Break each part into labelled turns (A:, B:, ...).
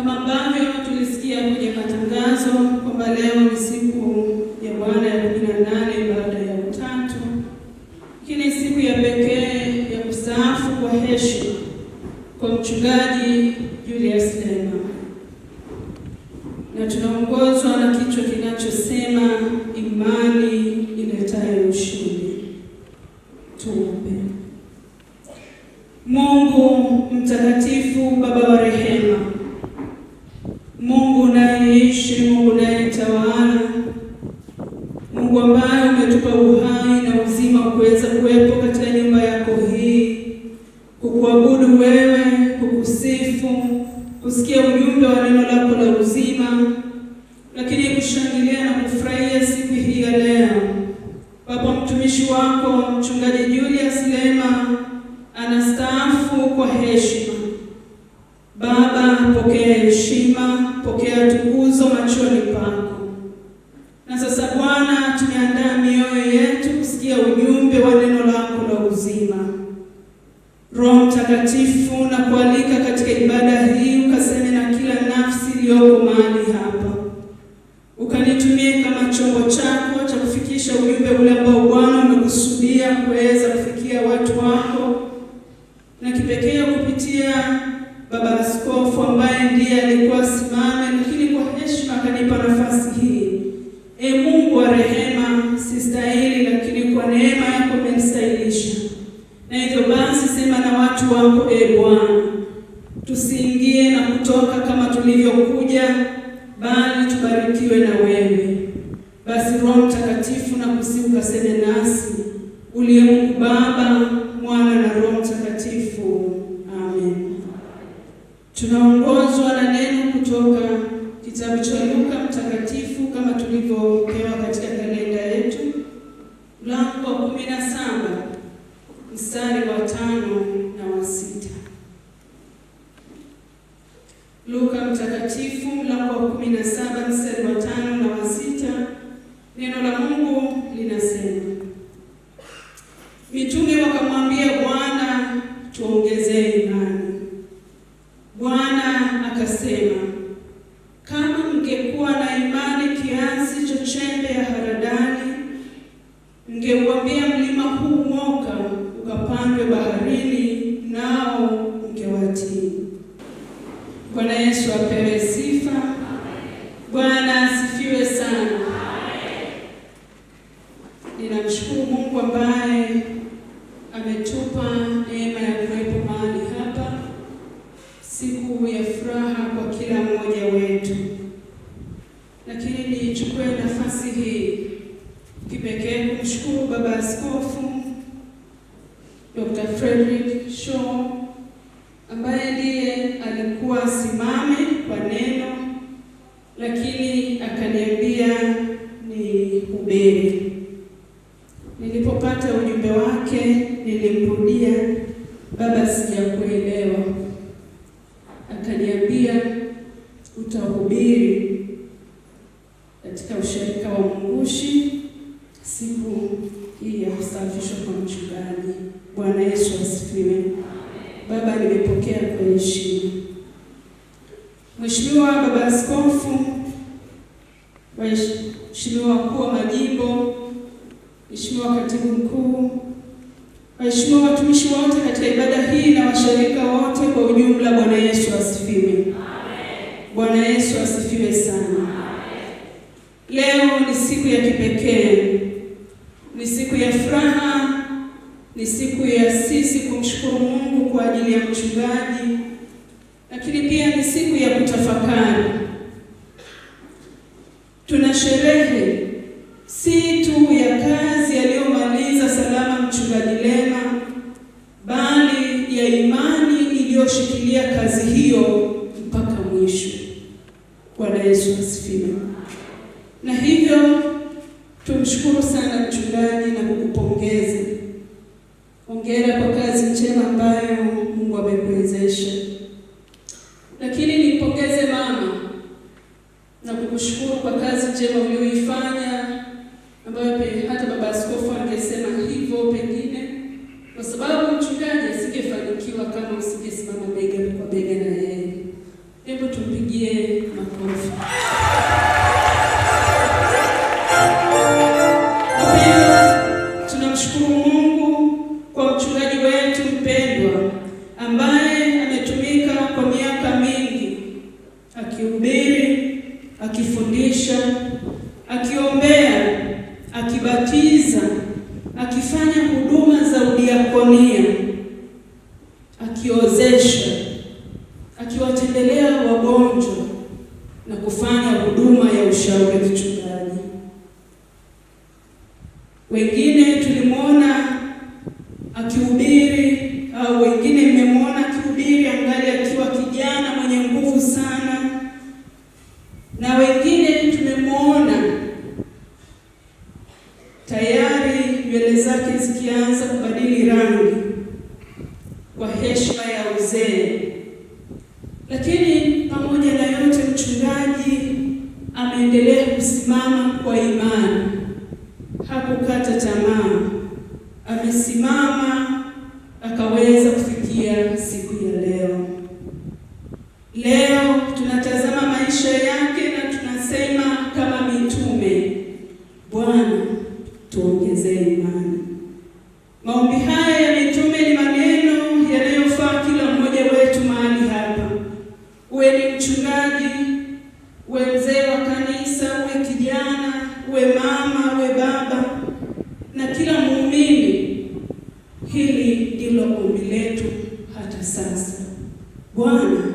A: Kama ambavyo tulisikia kwenye matangazo kwamba leo ni siku ya Bwana ya kumi na nane baada ya Utatu, lakini siku ya pekee ya kustaafu kwa heshima kwa mchungaji Julius kusikia mjumbe wa neno lako la uzima Mitume wakamwambia leo ni siku ya kipekee, ni siku ya furaha, ni siku ya sisi kumshukuru Mungu kwa ajili ya mchungaji, lakini pia ni siku ya kutafakari. Tuna sherehe si tu ya kazi aliyomaliza salama mchungaji Lema, bali ya imani iliyoshikilia kazi hiyo mpaka mwisho. Bwana Yesu asifiwe. kwa sababu mchungaji asingefanikiwa kama usingesimama bega kwa bega na yeye. Hebu tumpigie makofi. alcançar we mama, we baba na kila muumini. Hili ndilo ombi letu hata sasa. Bwana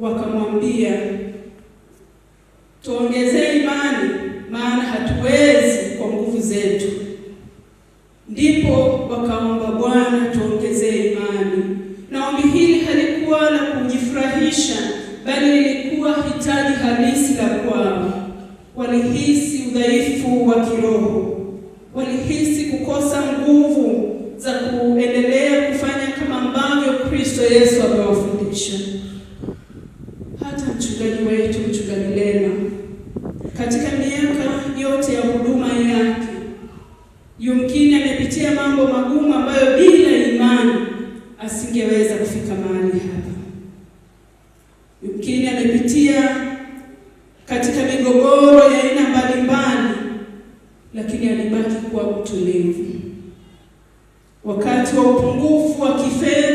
A: wakamwambia tuongeze katika migogoro ya aina mbalimbali, lakini alibaki kuwa mtulivu wakati wa upungufu wa kifedha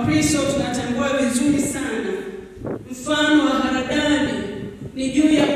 A: Wakristo tunatambua vizuri sana mfano wa haradali ni juu ya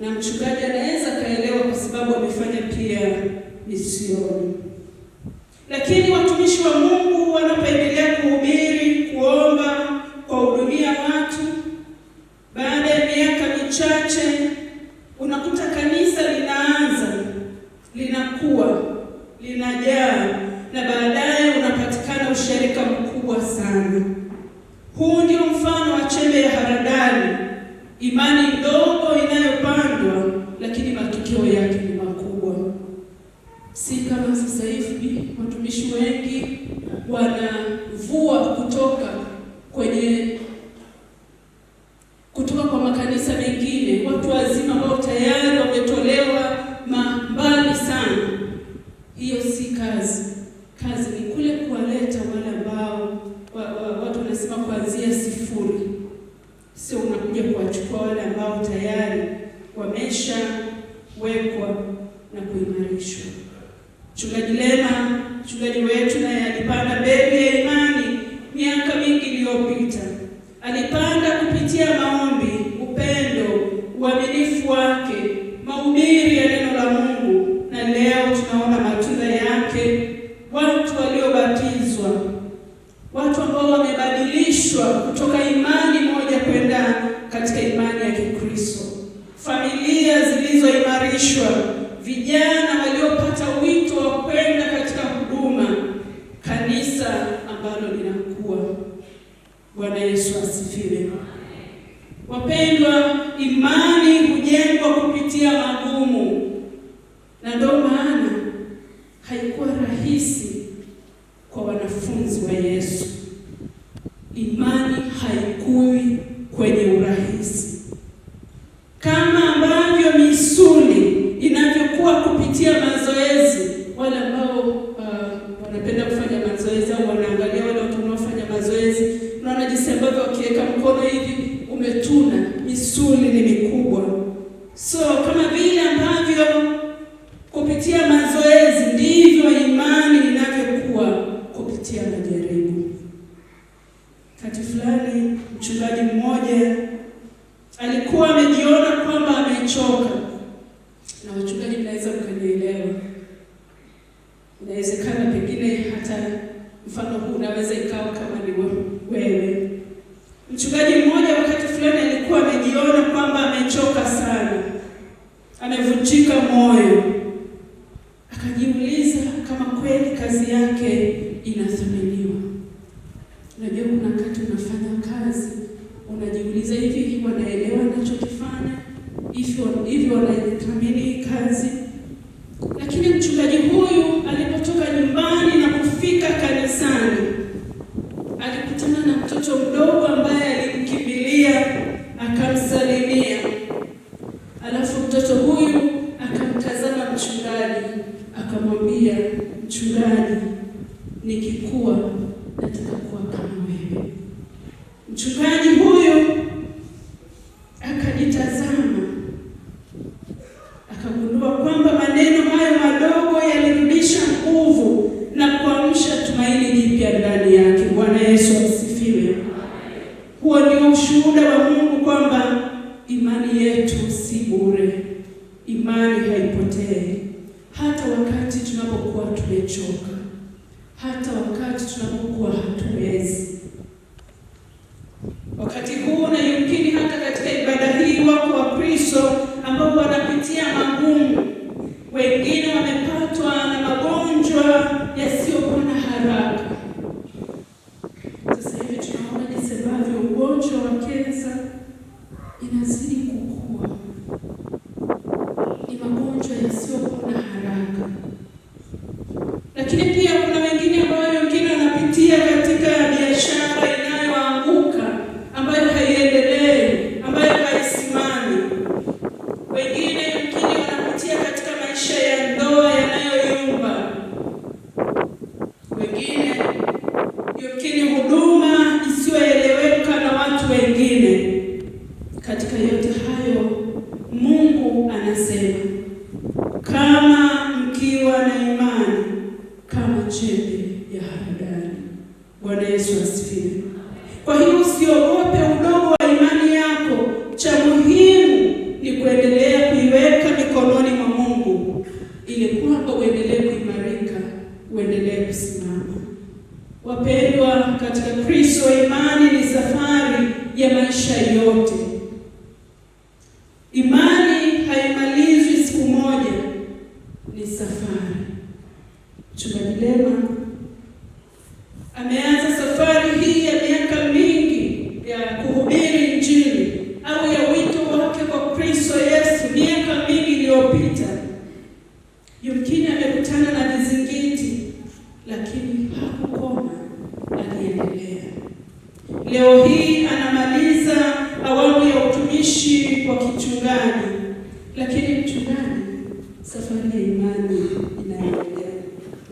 A: na mchungaji anaweza kaelewa kwa sababu amefanya pia misioni, lakini watumishi wa Mungu Hiyo si kazi. Kazi ambalo linakuwa. Bwana Yesu asifiwe. Wapendwa, imani hujengwa kupitia печенка. akamwambia mchungaji, nikikuwa nataka kuwa kama wewe mchungaji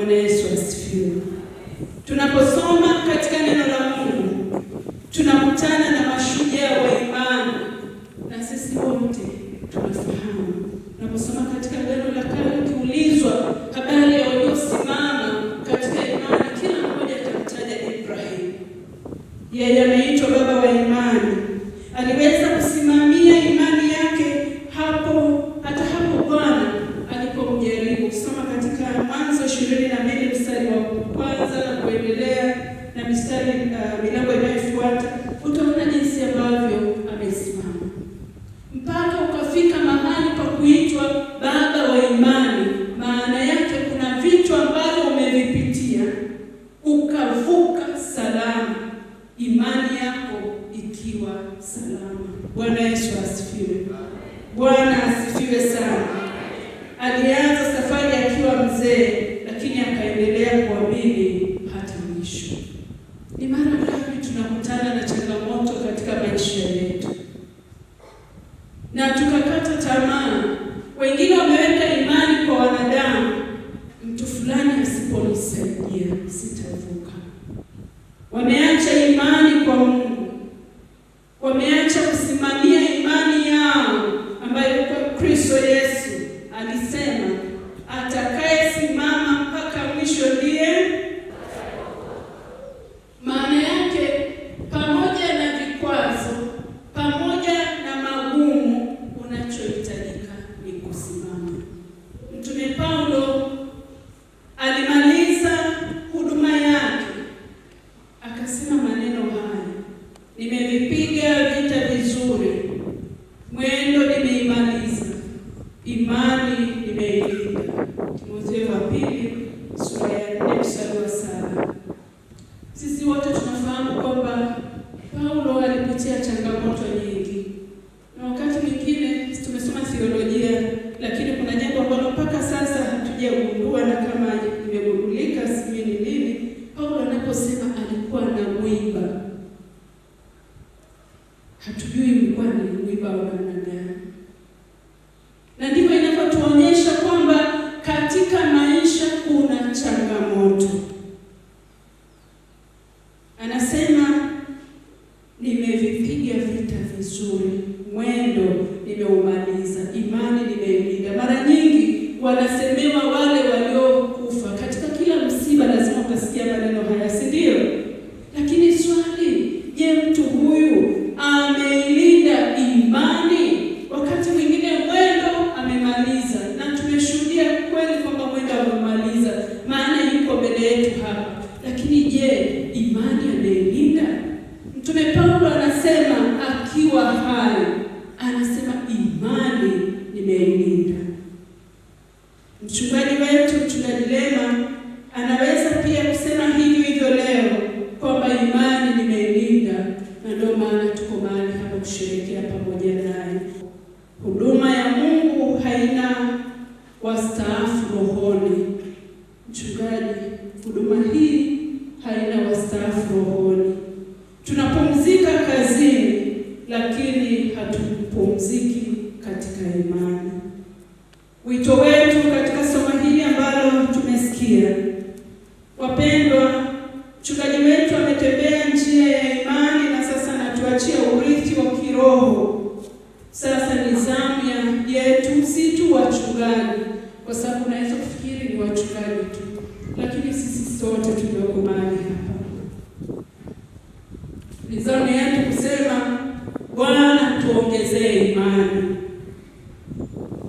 A: Bwana Yesu asifiwe. Bwana Yesu asifiwe. Bwana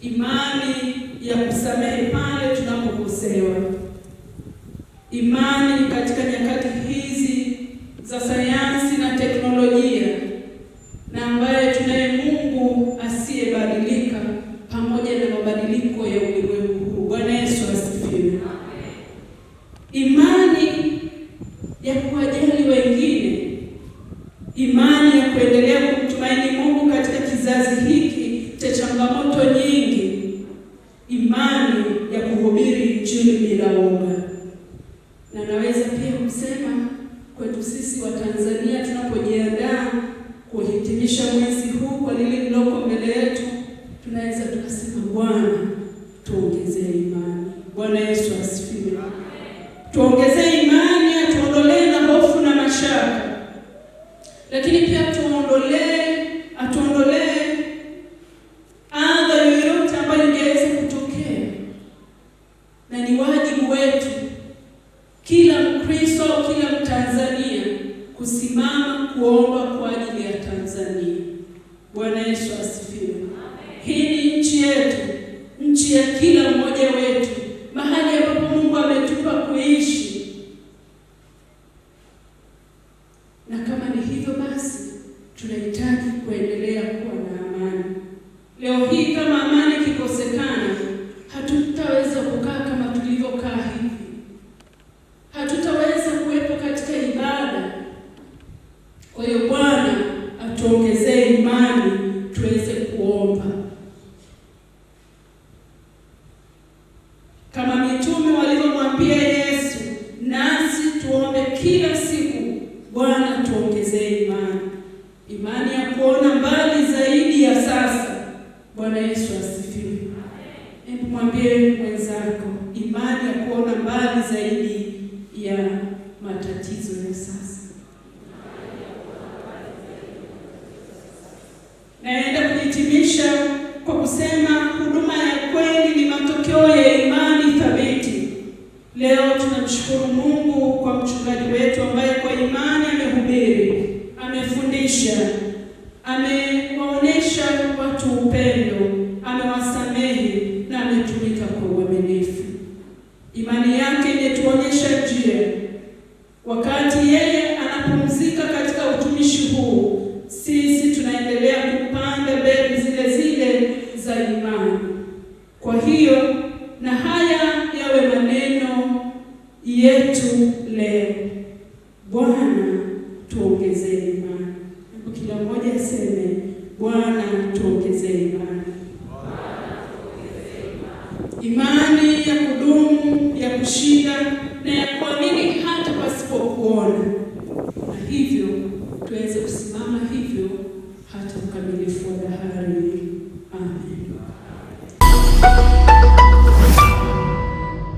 A: imani ya kusamehe pale tunapokosewa, imani katika nyakati Yesu asifiwe. Tuongezee imani, atuondolee na hofu na mashaka, lakini pia tuondolee Kwa hiyo Bwana atuongezee